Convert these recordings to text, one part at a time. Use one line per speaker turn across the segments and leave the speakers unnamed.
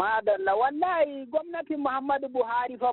Madalla wallahi gwamnatin Muhammadu Buhari fa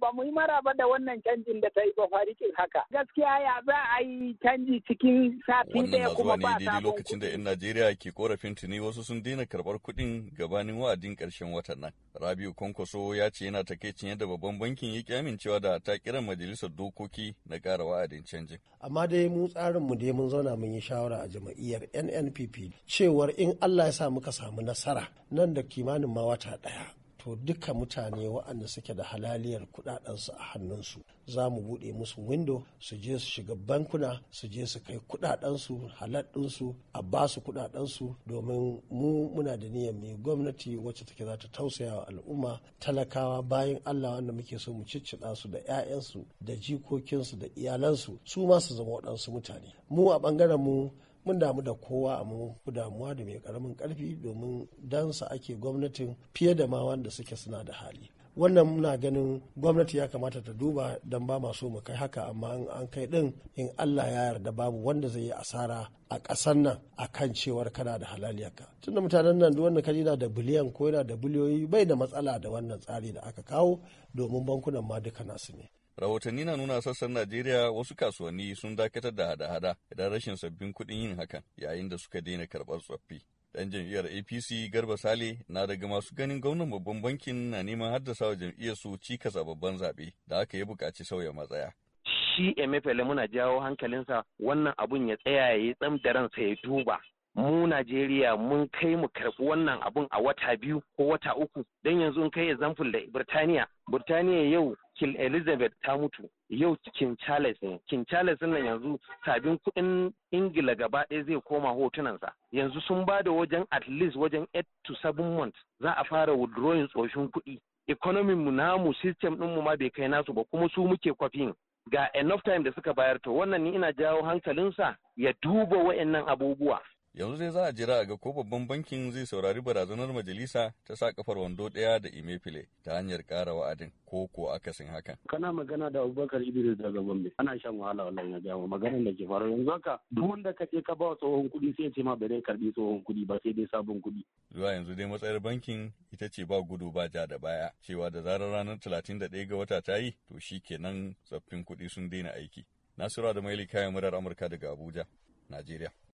ba mu yi maraba da wannan canjin da ta yi ba farikin haka. Gaskiya ya za a yi canji cikin sati ɗaya kuma ba sabon lokacin
da 'yan Najeriya ke korafin tuni wasu sun daina karbar kuɗin gabanin wa'adin ƙarshen watan nan. Rabiu Kwankwaso ya ce yana takaicin yadda babban bankin ya ki amincewa da ta kira majalisar dokoki na ƙara wa'adin canjin.
Amma dai mu tsarin mu dai mun zauna mun yi shawara a jama'iyyar NNPP cewar in Allah ya sa muka samu nasara nan da kimanin ma wata ɗaya to duka mutane waɗanda suke da halaliyar kuɗaɗensu a hannunsu za mu buɗe musu windo su je su shiga bankuna su je su kai kuɗaɗensu halaɗinsu a ba su kuɗaɗensu domin mu muna da niyyar mai gwamnati wacce take za ta tausaya wa al'umma talakawa bayan Allah wanda muke so mu ciccida su da 'ya'yansu da jikokinsu da iyalansu su ma su zama waɗansu mutane mu a ɓangaren mu mun damu da kowa a mun damuwa da mai karamin karfi domin dansa ake gwamnatin fiye da ma wanda suke suna da hali wannan muna ganin gwamnati ya kamata ta duba don ba masu mu kai haka amma an kai din in allah ya yarda babu wanda zai yi asara a ƙasar nan a kan cewar kana da halaliyarka tunda mutanen nan duk wanda kaji na da biliyan ko yana da biliyoyi bai da matsala da wannan tsari da aka kawo domin bankunan ma duka nasu ne
Rahotanni na nuna sassan Najeriya wasu kasuwanni sun dakatar da hada-hada idan rashin sabbin kuɗin yin hakan yayin da suka daina karɓar tsoffi. dan jam'iyyar APC Garba Sale na daga masu ganin gwamnan babban bankin na neman haddasa wa jam'iyyar su a babban zaɓe da aka yi bukaci sauya matsaya. Shi MFL muna
jawo hankalinsa wannan abun
ya tsaya ya yi tsam da ransa
ya duba. mu Najeriya mun kai mu karɓi wannan abun a wata biyu ko wata uku don yanzu in kai example da Birtaniya. Birtaniya yau King Elizabeth ta mutu yau King Charles ne. King Charles nan yanzu sabin kuɗin Ingila gaba ɗaya zai koma hotunansa. Yanzu sun ba da wajen at least wajen 8 to 7 months za a fara withdrawing tsoshin kuɗi. Economy mu namu system mu ma bai kai nasu ba kuma su muke kwafin. Ga enough time da suka bayar to wannan ni ina jawo hankalinsa ya duba wa'annan
abubuwa. yanzu dai za a jira a ga ko babban bankin zai saurari barazanar majalisa ta sa kafar wando ɗaya da imefile ta hanyar kara wa'adin ko ko akasin hakan.
kana magana da abubakar idris daga gombe ana shan wahala wallahi na gama maganar da ke faru yanzu haka duk wanda ka je ka ba tsohon kuɗi sai ce ma bai dai karbi tsohon kuɗi ba sai dai sabon kuɗi.
zuwa yanzu dai matsayar bankin ita ce ba gudu ba ja da baya cewa da zarar ranar talatin da ɗaya ga wata ta yi to shi kenan tsaffin kuɗi sun daina aiki. Nasiru da Maili kayan murar Amurka daga Abuja, Najeriya.